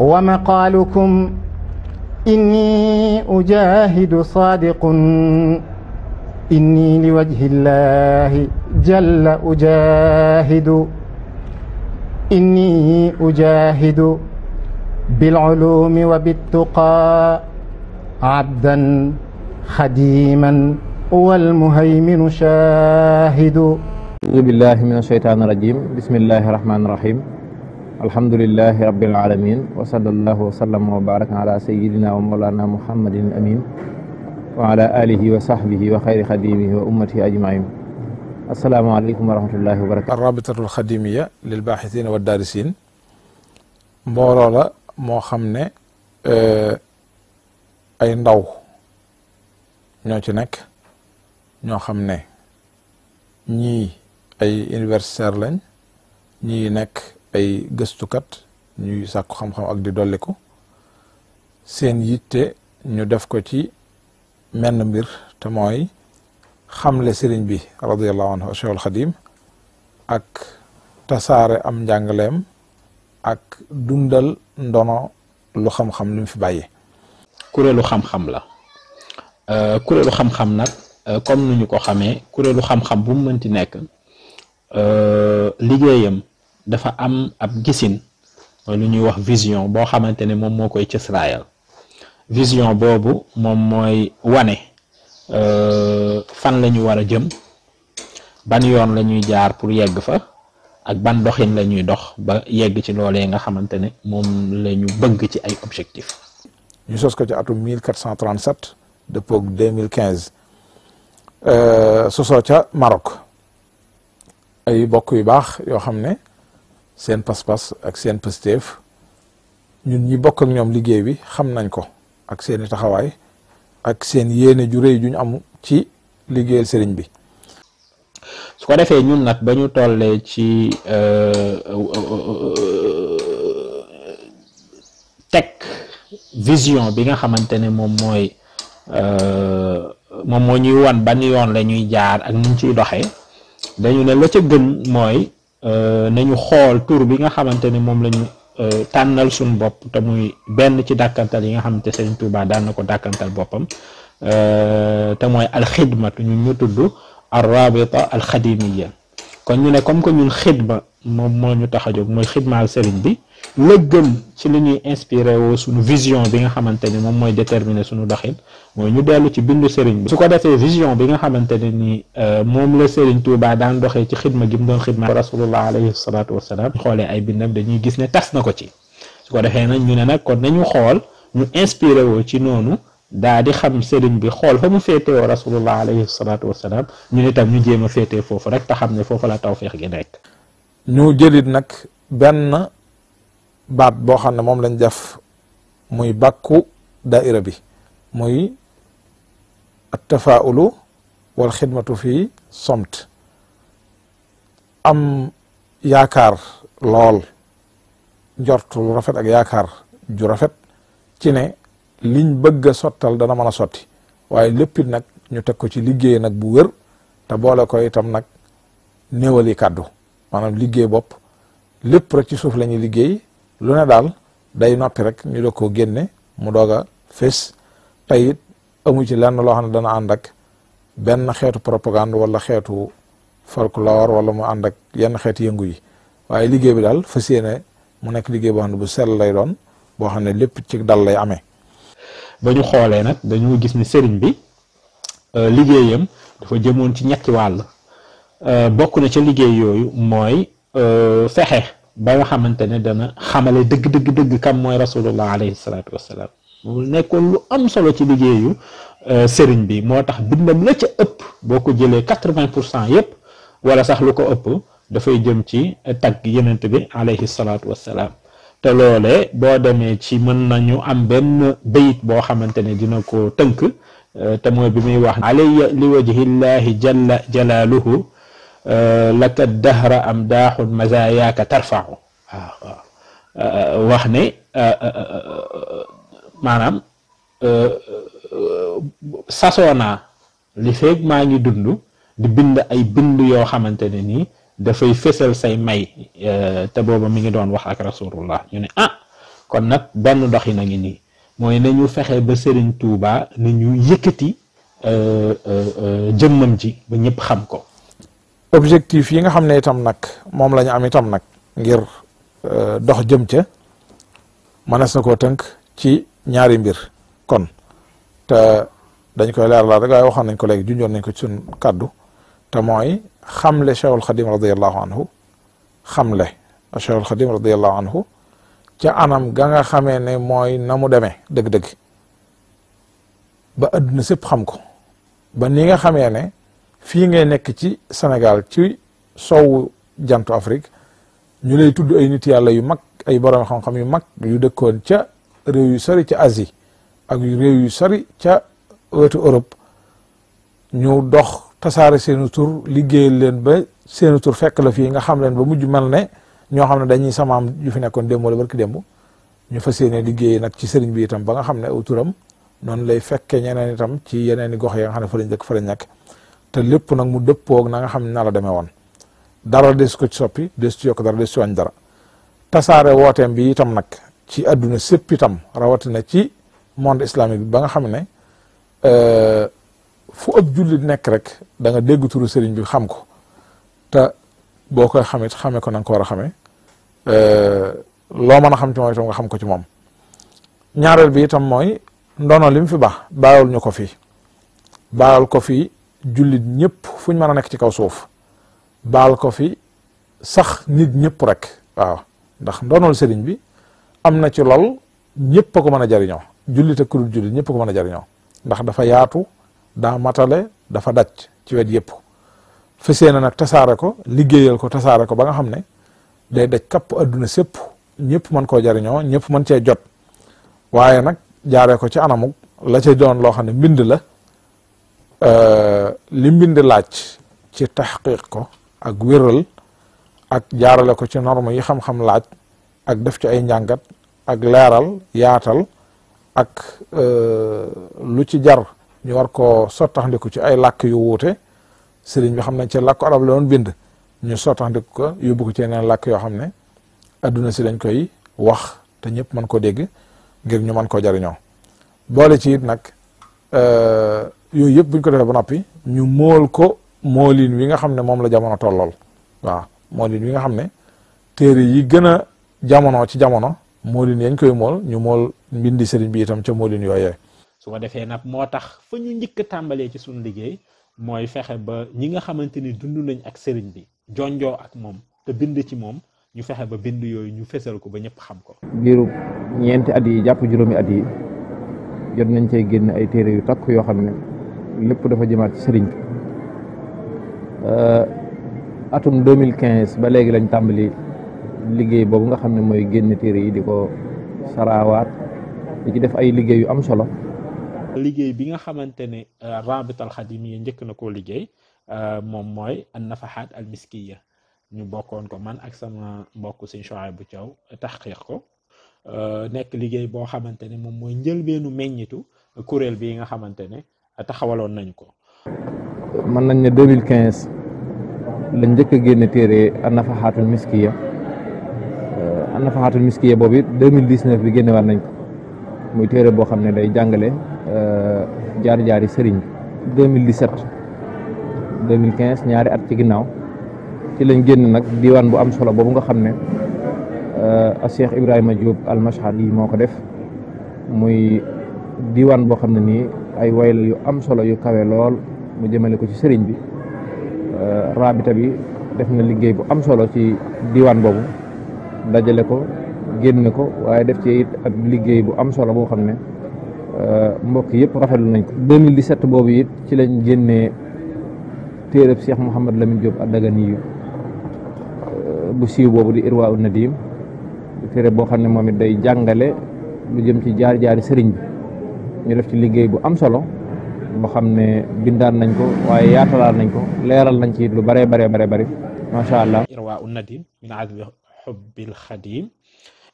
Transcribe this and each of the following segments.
ومقالكم إني أجاهد صادق إني لوجه الله جل أجاهد إني أجاهد بالعلوم وبالتقى عبدا خديما والمهيمن شاهد أعوذ بالله من الشيطان الرجيم بسم الله الرحمن الرحيم الحمد لله رب العالمين وصلى الله وسلم وبارك على سيدنا ومولانا محمد الأمين وعلى آله وصحبه وخير خديمه وأمته أجمعين السلام عليكم ورحمة الله وبركاته الرابطة الخديمية للباحثين والدارسين مورولا موخمنا خمني أي ndaw ñoo ci nekk ñoo xam ne ñii ay ay gëstukat ñuy sàkku xam-xam ak di dolliku seen yitte ñu def ko ci menn mbir te mooy xamle sëriñ bi radiallahu anhu Cheikhul Xadim ak tasaare am njàngaleem ak dundal ndono lu xam-xam lu mu fi bàyyi. kuréelu xam-xam la kuréelu xam-xam nag comme nu ñu ko xamee kuréelu xam-xam bu mu mënti nekk liggéeyam. dafa am ab gisin mooy lu ñuy wax vision boo xamante ne moom moo koy cësraayal vision boobu moom mooy wane euh, fan la ñu war a jëm ban yoon la ñuy jaar pour yegg fa ak ban doxin la ñuy dox ba yegg ci loolee nga xamante ne moom la ñu bëgg ci ay objectif ñu sos ko ci atum 1437 dëppoog 2015 sosoo ca marok ay bokk yu baax yoo xam ne seen pas-pas ak seen pësteef ñun ñi bokk ak ñoom liggéey bi xam nañ ko ak seen i taxawaay ak seen yéene ju rëy ju ñu am ci liggéeyal sëriñ bi. su ko defee ñun nag ba ñu tollee ci euh, euh, teg vision bi nga xamante ne moom mooy euh, moom moo ñuy wan ban yoon la ñuy jaar ak ni ñu ciy doxee dañu ne la ca gën mooy. Euh, nañu xool tur bi nga xamante ni moom lañu euh, tànnal suñ bopp te muy benn ci dàkkantal yi nga xamante Sëriñ Tuubaa daan na ko dàkkantal boppam euh, te mooy alxidmatu ñun ñu tudd arrabita alxadimiya kon ñu ne comme que ñun xidma moom moo ñu tax a jóg mooy xidmaal sëriñ bi le gën ci li ñuy inspiré wo suñu vision bi nga xamante ni moom mooy déterminer suñu doxin mooy ñu dellu ci bindu sëriñ bi su ko defee vision bi nga xamante ne ni moom la sëriñ Touba daan doxee ci xidma gi mu doon xidma rasulullah alayhi salatu wasalaam xoolee ay bindam dañuy gis ne tas na ko ci su ko defee nag ñu ne nag kon nañu xool ñu inspiré wo ci noonu daal di xam sëriñ bi xool fa mu féetewoo rasulullah alayhi salatu wasalaam ñu ne tam ñu jéem a féetee foofu rek te xam ne foofu la tawféex gi nekk ñu jëlit nag benn bat bo xamne mom lañ def muy bakku daira bi muy attafaulu wal khidmatu fi somt am yakar lol njort lu rafet ak yakar ju rafet ci ne liñ bëgg sotal dana mëna soti waye waaye nak ñu tek ko ci liggéey nak bu wér te boole ko itam nak néewali kaddu manam liggéey bop lepp rek ci suuf lañu lu ne daal day noppi rek ñu doog koo génne mu doog a fés tey it ci lenn loo xam ne dana ànd ak benn xeetu propagande walla xeetu folklore wala mu ànd ak yenn xeetu yëngu yi waaye liggéey bi daal fas yéene mu nekk liggéey boo xam ne bu sell lay doon boo xam ne lépp ci dal lay amee. ba ñu xoolee nag dañu gis ni sëriñ bi euh, liggéeyam dafa jëmoon ci ñetti wàll euh, bokk na ca liggéey yooyu mooy euh, fexe. ba nga xamante ne dana xamale dëgg-dëgg-dëgg kam mooy rasulullah alayhi salaatu wasalaam mu nekkoon lu am solo ci liggéeyu euh, sëriñ bi moo tax bindam la ca ëpp boo ko jëlee quatre-vingts pour cent yépp wala sax lu ko ëpp dafay jëm ci tagg yenent bi alayhi salaatu wasalaam te loole boo demee ci mën nañu am benn bayit boo xamante ne dina ko tënk euh, te mooy bi muy wax alayya li wajhillahi jalla jalaaluhu Euh, laka dahra am daaxun mazaayaaka tarfaxu waaw euh, wax ne euh, maanaam naa li feeg maa ngi dund di bind ay bind yoo xamante ne nii dafay fësal say may te booba mi ngi doon wax ak rasulullah ñu ne ah kon nag benn doxi na ngi nii mooy nañu fexe ba tuubaa Touba ñu yëkkati jëmmam ji ba ñëpp xam ko objectif yi nga xam ne itam nag moom la ñu am itam nag ngir euh, dox jëm ca mënees na koo tënk ci ñaari mbir kon te dañ koy leeralaat rek waaye waxoon nañ ko léegi junjoon nañ ko ci suñ kàddu te mooy xamle Cheikhul Xadim radiallahu anhu xamle Cheikhul Xadim radiallahu anhu ca anam ga nga xamee ne mooy na mu demee dëgg-dëgg ba adduna sëpp xam ko ba ni nga xamee ne fii ngay nekk ci senegal ci sowu jant Afrique ñu lay tudd ay nit yàlla yu mag ay borom xam-xam yu mag yu dëkkoon ca réew yu sori ca asi ak réew yu sori ca wetu Europe ñu dox ta saare seenu tur liggéey leen ba seeni tur fekk la fii nga xam leen ba mujj mel ne ñoo xam ne dañuy samaam yu fi nekkoon démb wala barki démb ñu fa yéene liggéey nag ci sëriñ bi itam ba nga xam ne aw turam noonu lay fekkee ñeneen itam ci yeneen i gox yi nga xam ne fa lañ dëkk fa lañ nekk te lépp nag mu dëppoog na nga xam ne na la demee woon dara des ko ci soppi des ci yokk dara des ci wàññi dara tasaare wooteem bi itam nag ci àdduna sépp itam rawatina ci monde islamique bi ba nga xam ne euh, fu ab jullit nekk rek da nga dégg turu sëriñ bi xam ko te boo koy xamit xamee ko na ko war a xamee euh, loo mën a xam ci moom itam nga xam ko ci moom ñaareel bi itam mooy ndono li mu fi baax bàyyil ñu ko fi bàyyil julit ñepp fuñ mëna nek bal ci kaw suuf bal ko fi sax nit ñepp rek waaw ndax ndonol sëriñ bi amna na ci lol ñepp ko mëna jariño julit ak ku dul jullit ko mëna jariño ndax dafa yaatu da matale dafa dacc ci wet yépp fesee na ko liggéeyal ko tassara ko ba nga xam day dacc kap aduna sépp ñepp man ko jariño ñepp man ci jot waye nak ko ci anamuk la ci doon lo xam bind la euh, li mbind laaj ci taxqiq ko ak wéral ak jaarale ko ci norme yi xam-xam laaj ak def ci ay njàngat ak leeral yaatal ak euh, lu ci jar ñu war koo sottaxndiku ci ay lakk yu wuute sëriñ bi xam nañ ci làkku arab la doon bind ñu sottaxndiku ko yu ko ci yeneen làkk yoo xam ne adduna si dañ koy wax te ñëpp mën ko dégg ngir ñu mën koo jariñoo boole ci it nag euh, yooyu yëpp buñ ko defee ba noppi ñu mool ko moolin wi nga xam ne moom la jamono tollool waaw moolin wi nga xam ne téere yi gën a jamono ci jamono moolin yañ koy mool ñu mool mbindi sëriñ bi itam ca moolin yooyee su ko defee nag moo tax fa ñu njëkk a tàmbalee ci suñu liggéey mooy fexe ba ñi nga xamante ni dund nañ ak sëriñ bi jonjoo ak moom te bind ci moom ñu fexe ba bind yooyu ñu fesal ko ba ñëpp xam ko biiru ñeenti at yi jàpp juróomi at yi jot nañ cee génn ay téere yu takk yoo xam ne lépp dafa jëmaat ci sëriñ euh, atum 2015 ba léegi lañ tàmbali liggéey boobu nga xam ne mooy génn téere yi di ko saraawaat di def ay liggéey yu am solo. liggéey bi nga xamante ne euh, Rabita al Xadimiya njëkk na koo liggéey euh, moom mooy an nafaxaat al miskiya ñu bokkoon ko man ak sama mbokk sëñ Chouaïbou Thiaw taxqiq ko nekk liggéey boo xamante ne moom mooy njëlbeenu meññitu kuréel bii nga xamante ne. taxawaloon nañ ko. mën nañ ne 2015 la njëkk a génne téere An-Nafahatul Miskiya euh, An-Nafahatul Miskiya boobu it 2019 bi génne war nañ ko muy téere boo xam ne day jàngale euh, jaar-jaari sëriñ bi 2017 2015 ñaari at ci ginnaaw ci lañ génn nag diwaan bu am solo boobu nga xam ne euh, Cheikh Ibrahima Diop al-Mashhad yi moo ko def muy diwaan boo xam ne nii. ay way yu am solo yu kawe lool mu jëmale ko ci sëriñ bi euh, rabita bi def na liggéey bu am solo ci diwaan boobu dajale ko génn ko waaye def ci it ak liggéey bu am solo boo xam ne euh, mbokk yëpp rafetlu nañ ko 2017 boobu it ci lañ génnee téere téereb Cheikh Mouhamed Lamine Diop Adagani yu euh, bu siiw boobu di Irwa un Nadim téere boo xam ne moom it day jàngale lu jëm ci jaari jaari sëriñ bi ñu def ci liggéey bu am solo boo xam ne bindaan nañ ko waaye yaatalaal nañ ko leeral nañ ci lu bare bare bare bari macha allah irwaa u nadim min azmi xubbil xadim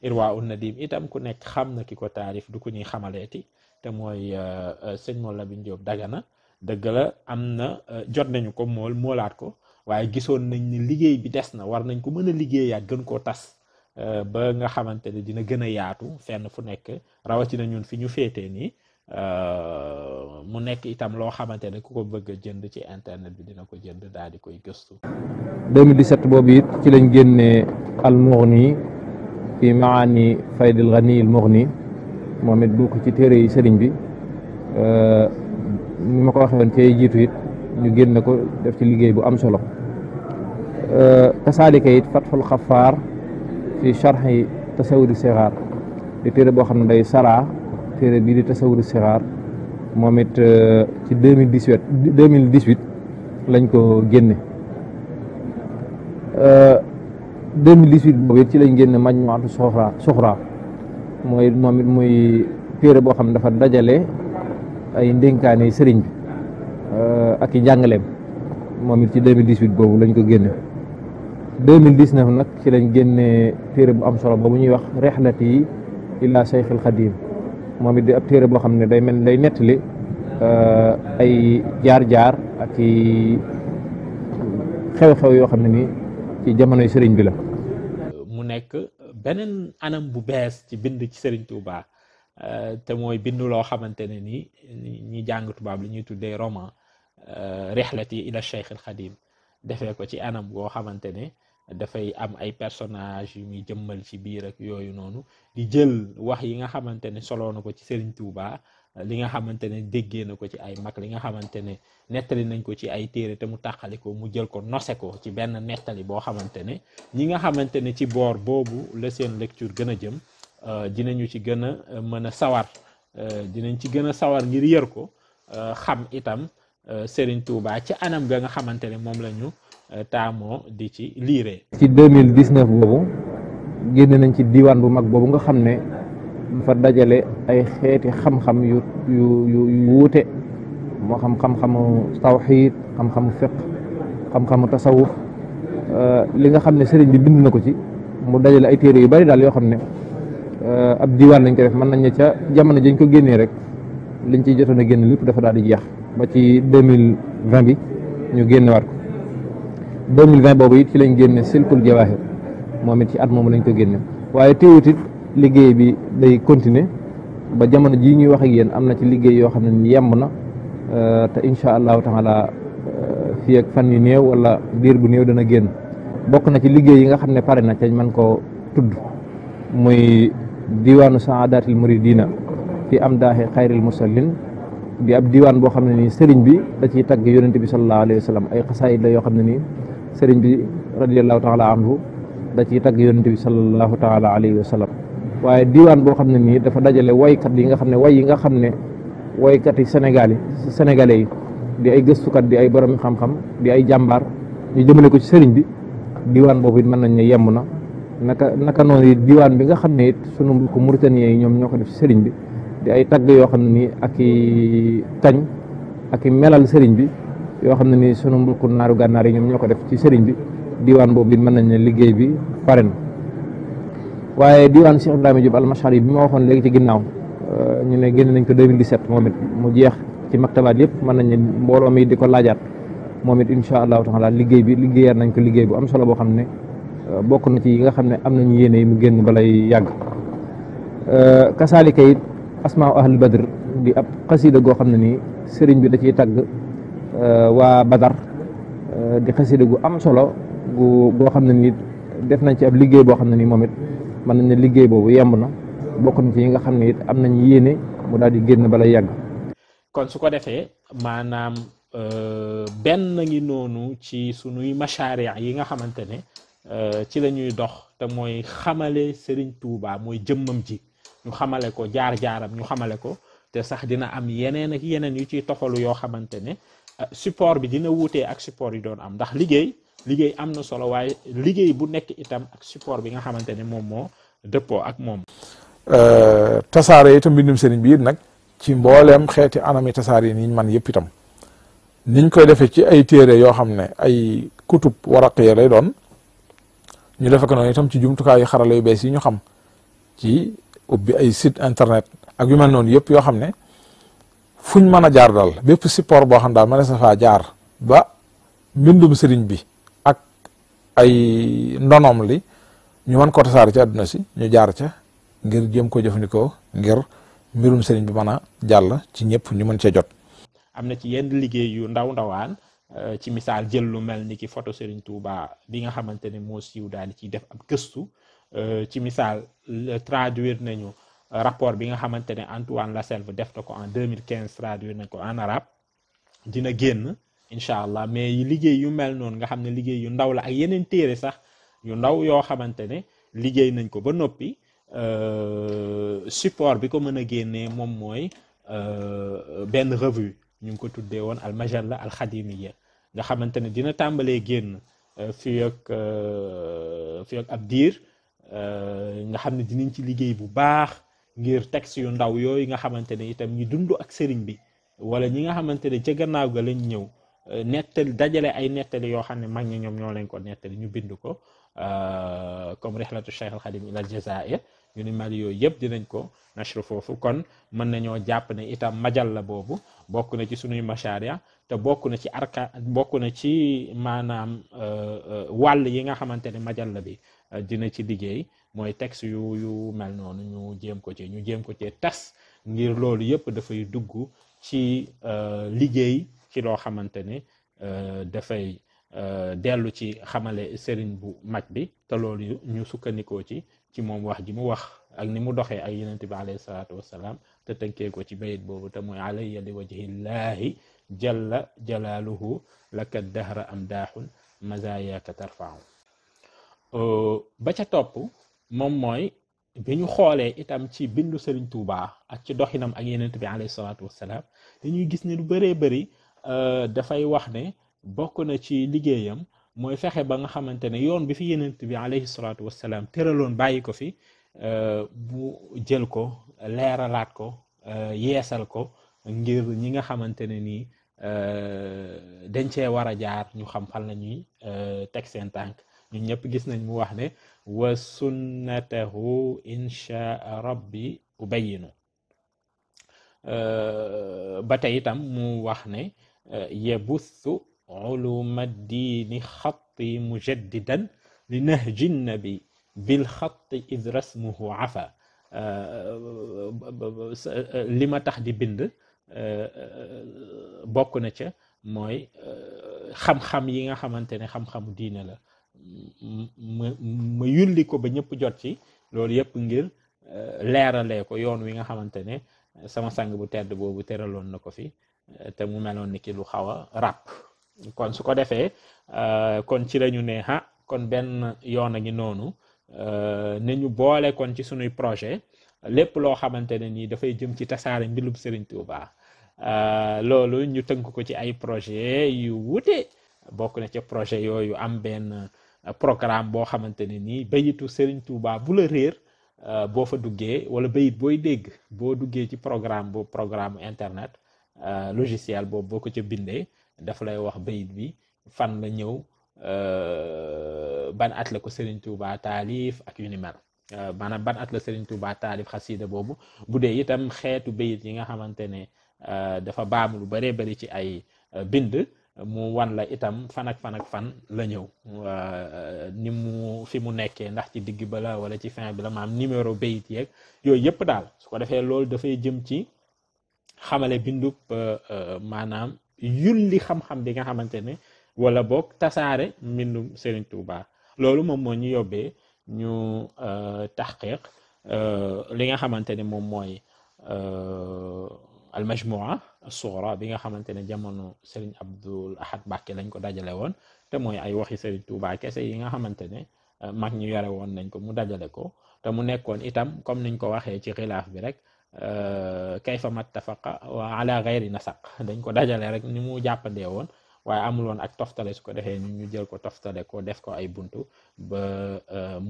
irwaa u nadim itam ku nekk xam na ki ko taarif du ko ñuy xamaleeti te mooy euh, euh, sëñ Mool biñ Jóob Dagana dëgg la am na euh, jot nañu ko mool moolaat ko waaye gisoon nañ ni liggéey bi des na war nañ ko mën a liggéeyaat gën koo tas ba nga xamante ne dina gën a yaatu fenn fu nekk rawatina ñun fi ñu féetee nii mu nekk itam loo xamante ne ku ko bëgg a jënd ci internet bi dina ko jënd daal di koy gëstu. 2017 boobu it ci lañ génnee al mughni fi maani faydil ghani al mughni moom it bokk ci téere yi sëriñ bi ni ma ko waxee woon cee jiitu it ñu génne ko def ci liggéey bu am solo kasaalika it fatful xafaar fi charxi tasawuri sixaar di téere boo xam ne day saraa. téere bii di tasawuru siraar moom it euh, ci deux mille lañ ko génne euh, deux mille dix huit boobu it ci lañ génne majmuatu sohra soxraa mooy moom it muy téere boo dafa dajale ay ndénkaane sëriñ bi euh, ak i njàngaleem moom it ci 2018 mille dix lañ ko génne deux ci lañ bu am solo ñuy wax ila al moom it ab téere boo xam ne day mel day nettali uh, ay jaar-jaar ak i xew-xew yoo xam ne ni ci jamonoy sëriñ bi la. mu nekk beneen anam bu bees ci bind ci sëriñ Touba uh, te mooy bind loo xamante ne ni ñi jàng tubaab li ñuy tuddee roman uh, rixlati ila Cheikh al Xadim ko ci anam boo xamante ne. dafay am ay personnage yu muy jëmmal ci biir ak yooyu noonu di jël wax yi nga xamante ne soloo na ko ci Serigne Touba li nga xamante ne déggee na ko ci ay mag li nga xamante ne nettali nañ ko ci ay téere te mu tàqali ko mu jël ko nose ko ci benn nettali boo xamante ne ñi nga xamante ne ci boor boobu la seen lecture gën a jëm euh, dinañu ci gën a euh, mën a sawar euh, dinañ ci gën a sawar ngir yër ko xam itam Serigne Touba ci anam ga nga xamante ne moom la ñu Euh, taamoo di ci liire. ci deux mille dix neuf boobu génne nañ ci diwaan bu mag boobu nga xam ne dafa dajale ay xeeti xam-xam yu yu yu wuute moo xam xam-xamu tawxiid xam-xamu fiq xam-xamu tasawuf euh, li nga xam ne sëriñ bi bind na ko ci mu dajale ay téere yu bari daal yoo xam ne euh, ab diwaan lañ ko def mën nañ ne ca jamono jañ ko génnee rek liñ ciy jotoon a génn lépp dafa daal di jeex ba ci deux mille vingt bi ñu génnewaat ko. 2020 boobu it ci lañ génne silkul jawaahir moom it ci at moom lañ ko génne waaye teewut liggéey bi day continuer ba jamono jii ñuy wax ak yéen am na ci liggéey yoo xam ne ni yemb na euh, te incha allahu taala euh, fii ak fan yu néew wala diir bu néew dana génn bokk na ci liggéey yi nga xam ne pare na ca man koo tudd muy diwaanu saadatil muridina fi am daaxi xayril musallin di ab diwaan boo xam ne nii sëriñ bi da ciy tagg yonente bi sallallahu alayhi wa ay xasaayid la yoo xam ne nii serigne bi radiyallahu taala anhu da ci tag yonente bi sallallahu taala alayhi wa sallam diwan diwaan boo xam dafa dajale kat yi nga xamne ne way yi nga xamne ne kat yi senegalais senegalais yi di ay kat di ay borom xam-xam di ay jambar ñu jëmele ko ci serigne bi diwan bobu it man nañ ne naka naka non diwan diwaan bi nga xamne it sunu ko mauritanien yi def serigne bi di ay tag yo xamne ni aki ak i ak melal serigne bi yoo xam ne ni sunu mbokku naaru gànnaar yi ñoom ñoo ko def ci sëriñ bi diwaan boobu it mën nañ ne liggéey bi pare na waaye diwaan Cheikh Ibrahima Diop almashar yi bi ma waxoon léegi ci ginnaaw euh, ñu ne génn nañ ko 2017 moom it mu jeex ci maktabaat yëpp mën nañ ne mbooloo mi di ko laajaat moom it incha allahu taala liggéey bi liggéeyaat nañ ko liggéey bu am solo boo xam ne euh, bokk na ci yi nga xam ne am nañu yéene yi mu génn balay yàgg euh, kasaalika it asmaa ahlul badr di ab xasiida goo xam ne nii sëriñ bi da ciy Euh, waa Badar euh, di xasida gu am solo gu goo xam ne nit def nañ ci ab liggéey boo xam ne ni moom it mën nañ ne liggéey boobu yemb na bokk na ci yi nga xam ne it am nañ yéene mu daal di génn bala yàgg. kon su ko defee maanaam euh, benn ngi noonu ci sunuy macharia yi nga xamante ne ci la ñuy dox te mooy xamale Serigne Touba mooy jëmmam ji ñu xamale ko jaar jaaram ñu xamale ko te sax dina am yeneen ak yeneen yu ci toxalu yoo xamante ne. support bi dina wuutee ak support yi doon am ndax liggéey liggéey am na solo waaye liggéey bu nekk itam ak support bi nga xamante ne moom moo dëppoo ak moom. Euh, tasaare itam mbindum sëriñ bi nag ci mbooleem xeeti anami tasaare yi niñ man yëpp itam niñ koy defee ci ay téere yoo xam ne ay kutub waraq ya lay doon ñu defe ko noonu itam ci jumtukaayu xarala yu bees yi ñu xam ci ubbi ay site internet ak yu mel noonu yëpp yoo xam ne. fuñ mën a jaar daal bépp support boo xam daal mënees na faa jaar ba mbindum sëriñ bi ak ay ndonoom li ñu mën ko tasaare ci àdduna si ñu jaar ca ngir jéem ko jëfandikoo ngir mbirum sëriñ bi mën a jàll ci ñëpp ñu mën cee jot. am na ci yenn liggéey yu ndaw ndawaan euh, ci misaal jël lu mel ni ki photo Serigne Touba bi nga xamante ne moo siiw daal di ciy def ab gëstu euh, ci misaal euh, traduire nañu. rapport bi nga xamantene Antoine Lasselve def ko en 2015 traduire nañ ko en arabe dina génn inshallah mais yi liggéey yu mel non nga xamne ne yu ndaw la ak yenen téré sax yu ndaw yo xamantene ne nañ ko ba nopi euh support bi ko meuna a mom moy euh ben revue ñu ko tuddé won al majalla al khadimiyya nga xamantene dina tambalé génn fi ak fi ak abdir diir nga xamne dinañ ci liggéey bu baax ngir texte yu ndaw yooyu nga xamante ne itam ñi dund ak sëriñ bi wala ñi nga xamante ne ca gannaaw ga lañ ñëw euh, nettali dajale ay nettali yoo xam ne mag ñi ñoom ñoo leen ko nettali ñu bindu ko euh, comme rihlatu Cheikh al Khadim ila Jazair ñu ni mali yooyu yëpp dinañ ko nashru foofu kon mën nañoo jàpp ne itam majal boobu bokk na ci sunuy ya te bokk na ci arka bokk na ci maanaam euh, wàll yi nga xamante ne majal bi dina ci liggéey mooy texte yu yu mel noonu ñu jéem ko ci ñu jéem ko ci tas ngir loolu yëpp dafay dugg ci euh, liggéey ci loo xamante ne euh, dafay euh, dellu ci xamale sëriñ bu mag bi te loolu ñu sukkandikoo ci ci moom wax ji mu wax ak ni mu doxee ak yenent bi alayhi salaatu wassalaam te tënkee ko ci bayit boobu te mooy alayya li wajhillahi jalla jalaaluhu laka dahra am daaxun mazayaka tarfaahu ba ca topp moom mooy bi ñu xoolee itam ci bindu Serigne Touba ak ci doxinam ak yenent bi alayhi salaatu wassalaam dañuy gis ne lu bëree bëri euh, dafay wax ne bokk na ci liggéeyam mooy fexe ba nga xamante ne yoon bi fi yenent bi alayhi salaatu wassalaam tëraloon bàyyi ko fi bu euh, jël ko leeralaat ko euh, yeesal ko ngir ñi nga xamante ne nii dañ cee war a jaar ñu xam fan la ñuy teg seen tànk ñun ñëpp gis nañ mu wax ne wa sunnatahu inchaa rabbi ubayinu ba tey itam mu wax ne yabuthu uluma diini xatti mujaddidan li nahji nnabi bil id rasmuhu afa li ma tax di bind bokk na ca mooy xam-xam yi nga xamante ne xam-xamu diine la ma ma yulli ko ba ñëpp jot ci loolu yëpp ngir euh, leerale ko yoon wi nga xamante ne sama sang bu tedd boobu teraloon na ko fi euh, te mu meloon ni ki lu xaw a ràpp kon su ko defee euh, kon ci lañu ne ha ah, kon benn yoon a ngi noonu ne ñu boole kon ci sunuy projet lépp loo xamante ne nii dafay jëm ci tasaare mbilum Serigne Touba loolu ñu tënk ko ci ay projet yu wute bokk na ci projet yooyu am benn programme boo xamante ne nii bayitu Serigne Touba bu la réer euh, boo fa duggee wala bayit booy dégg boo duggee ci programme boobu programme internet euh, logiciel boobu boo ko ca bindee dafa lay wax bayit bi fan la ñëw euh, ban at la ko Serigne Touba taalif ak yu ni maanaam ban at la Serigne Touba taalif xasida boobu bu dee itam xeetu bayit yi nga xamante ne dafa baamu lu bëree bari ci ay bind mu wan la itam fan ak fan ak fan la ñëw ni mu fi mu nekkee ndax ci digg bala wala ci fin bi la maam numéro bayit yeeg yooyu yëpp daal su ko defee loolu dafay jëm ci xamale bindu euh, euh, maanaam yulli xam-xam bi nga xamante ne wala boog tasaare mbindum Serigne Touba loolu moom moo ñu yóbbee ñu euh, taxqiq li nga xamante ne moom mooy as-sughra bi nga xamantene jamono Serigne Abdul Ahad Mbacké lañ ko dajale won te moy ay waxi Serigne Touba kesse yi nga xamantene mag ñu yare won nañ ko mu dajale ko te mu nekkon itam comme niñ ko waxe ci khilaf bi rek kayfa mattafaqa wa ala ghairi nasaq dañ ko dajale rek ni mu jappande won waye amul won ak toftale su ko defé ñu jël ko toftale ko def ko ay buntu ba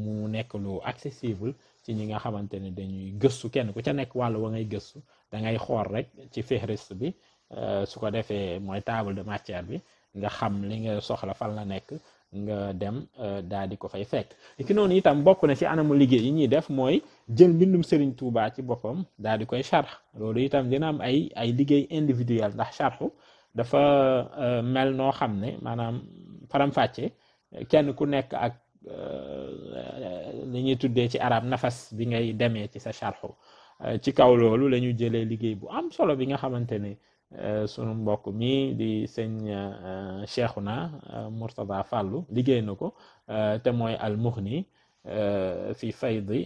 mu nekk lu accessible ci ñi nga xamantene dañuy geussu kenn ku ca nekk walu wa ngay geussu da ngay xool rek ci fihrist bi euh, su ko defee mooy table de matière bi nga xam li nga soxla fal la nekk nga dem euh, daal di ko fay fekk ki noonu itam bokk na ci anamu liggéey yi ñuy def mooy jël mbindum Serigne Touba ci boppam daal di koy charx loolu itam dina am ay ay liggéey individuel ndax charxu dafa euh, mel noo xam ne maanaam faram-fàcce kenn ku nekk ak li ñuy tuddee ci arab nafas bi ngay demee ci sa charxu Euh, ci kaw loolu la jëlee liggéey bu am solo bi nga xamante ne euh, sunu mbokk mi di sëñ euh, Cheikhouna Mourtada Fallou liggéey na ko te mooy al-Mughni fi faydi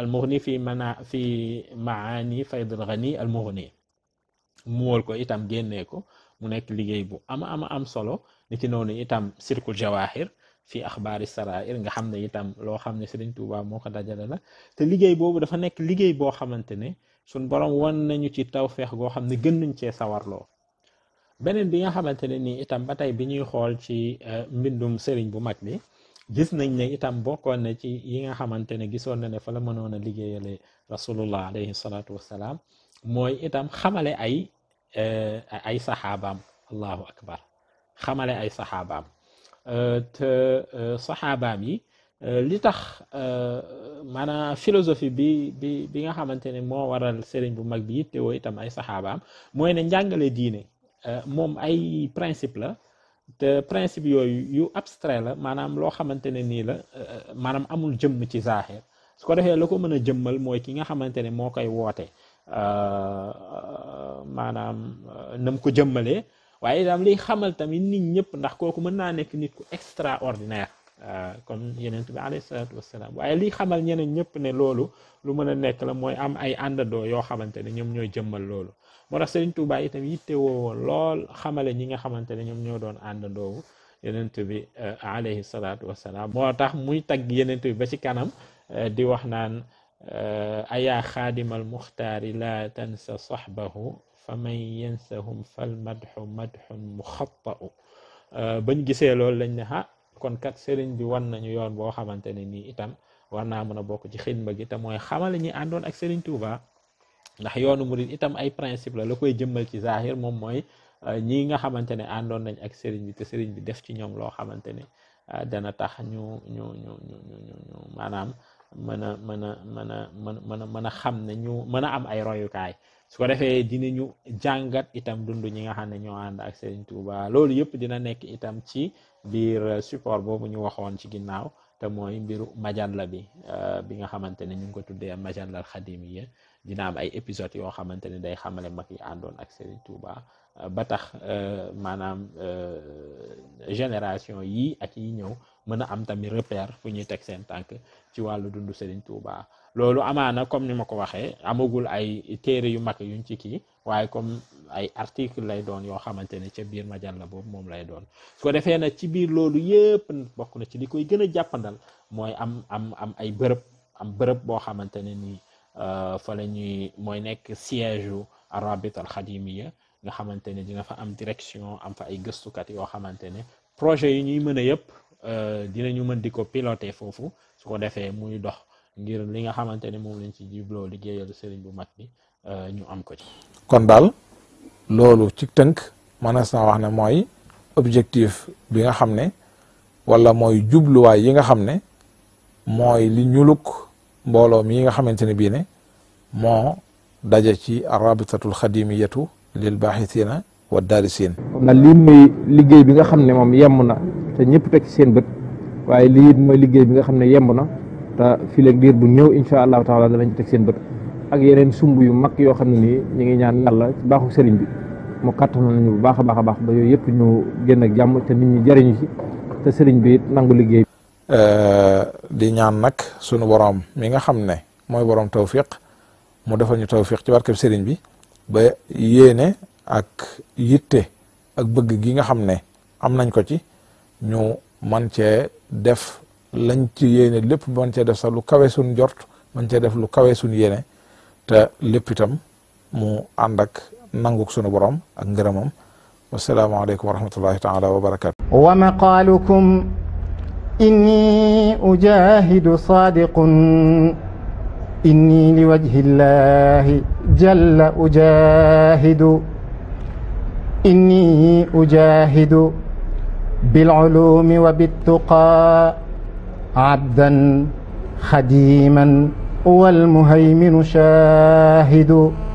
al-Mughni fi mana fi maani faydi al-Ghani al-Mughni muwal ko itam génnee ko mu nekk liggéey bu am ama am solo ni ki itam Sirkul Jawahir fi axbaari sarair nga xamne itam lo xamne Serigne Touba moko dajale la te liguey bobu dafa nek liguey bo xamantene suñ borom won nañu ci tawfiq go xamne ne gën nañ ci sawarlo benen bi nga xamantene ni itam batay bi ñuy xol ci mbindum Serigne bu mag ni gis nañ ne itam bokkoon na ci yi nga xamantene gisoon na ne fa la mënon na liggéeyale rasulullah alayhi salatu wassalam moy itam xamale ay ay sahabam allahu akbar xamale ay sahabam te saxaaba yi li tax maanaam philosophie bi bi bi nga xamante ne moo waral sëriñ bu mag bi yittewoo itam ay saxaabaam mooy ne njàngale diine moom ay principe la te principe yooyu yu abstrait la maanaam loo xamante ne nii la maanaam amul jëmm ci zaaxir su ko defee la ko mën a jëmmal mooy ki nga xamante ne moo koy woote maanaam nam ko jëmmalee waaye itam li xamal tamit nit ñëpp ndax kooku mën naa nekk nit ku extraordinaire comme euh, yeneen bi alayhi salaatu waaye liy xamal ñeneen ñëpp ne loolu lu mën a nekk la mooy am ay àndandoo yoo xamante ne ñoom ñooy jëmmal loolu moo tax Serigne Touba itam yitte woo lool xamale ñi nga xamante ne ñoom ñoo doon àndandoowu yenent bi euh, alayhi salaatu wassalaam moo tax muy tagg yenent bi ba ci kanam euh, di wax naan ayaa xaadimal muxtaari la tansa sahbahu faman yansahum falmadxu madxun muxattau bañ gisee loolu lañ ne ah kon kat sëriñ bi wan nañu yoon boo xamante ne nii itam war naa mën a bokk ci xidma gi te mooy xamale ñi àndoon ak sëriñ Touba ndax yoonu murid itam ay principe la la koy jëmmal ci zahir moom mooy euh, ñi nga xamante ne àndoon nañ ak sëriñ bi te sëriñ bi def ci ñoom loo xamante ne euh, dana tax ñu ñu ñu mën a mën a mën a mën a mën a xam na ñu mën a am ay royukaay su ko defee dinañu jàngat itam dund ñi nga xam ne ñoo ànd ak Serigne Touba loolu yëpp dina nekk itam ci biir euh, support boobu ñu waxoon ci ginnaaw te mooy mbiru majalla bi euh, bi nga xamante ne ñu ngi ko tuddee majallal xadimiya dina am ay épisode yoo xamante ne day xamale mag yi àndoon ak Serigne Touba euh, ba tax maanaam génération yi ak yi ñëw mën a am tamit repère fu ñuy teg seen tànk ci wàllu dundu Serigne Touba. loolu amaana comme ni ma ko waxee amagul ay téere yu mag yuñ ci kii waaye comme ay article lay doon yoo xamante ne ca biir majalla boobu moom lay doon su defee nag ci biir loolu yëpp bokk na ci li koy gën a jàppandal mooy am am am ay bërëb am bërëb boo xamante ne nii euh, fa la ñuy mooy nekk siège u arabit nga xamante ne dina fa am direction am fa ay gëstukat yoo xamante ne projet yi ñuy mën a yëpp euh, dinañu mën di ko foofu su ko defee muy dox ngir li nga xamante ne moom lañ ci jubloo liggéeyal sëriñ bu mag bi euh, ñu am ko ci. kon daal loolu ci tënk mënees na wax ne mooy objectif bi nga xam ne walla mooy jubluwaay yi nga xam ne mooy li ñuluk mbooloo mi yi nga xamante ne bii ne moo daje ci rabitatul xadimiyatu lil baaxisina wa daarisiin na lii mooy liggéey bi nga xam ne moom yemb na te ñëpp teg ci seen bët waaye lii mooy liggéey bi nga xam ne yemb na. fi lek diir bu ñew incha allahu taala danañ tek seen bët ak yeneen sumbu yu mag yo xamni ne nii ngi ñaan yalla ci baxu serigne bi mu kàttanal nañu bu baaxa baaxa baax ba yoy yep ñu genn ak jamm te nit ñi jëriñu ci te serigne bi nangul liggey euh di ñaan nak suñu borom mi nga xamne ne borom tawfiq mu defal ñu tawfiq ci barke serigne bi ba yene ak yitte ak bëgg gi nga xamne am nañ ko ci ñu man ci def lañ ci yéene lépp man cee def sax lu kawe suñ jort man cee def lu kawe suñ yéene te lépp itam mu ànd ak nanguk sunu borom ak ngërëmam wasalaamaaleykum wa rahmatullahi taala wa barakatu wa maqaalukum inni ujahidu sadiqun inni li wajhi llahi jalla ujahidu inni ujahidu بالعلوم وبالتقى عبدا خديما والمهيمن شاهد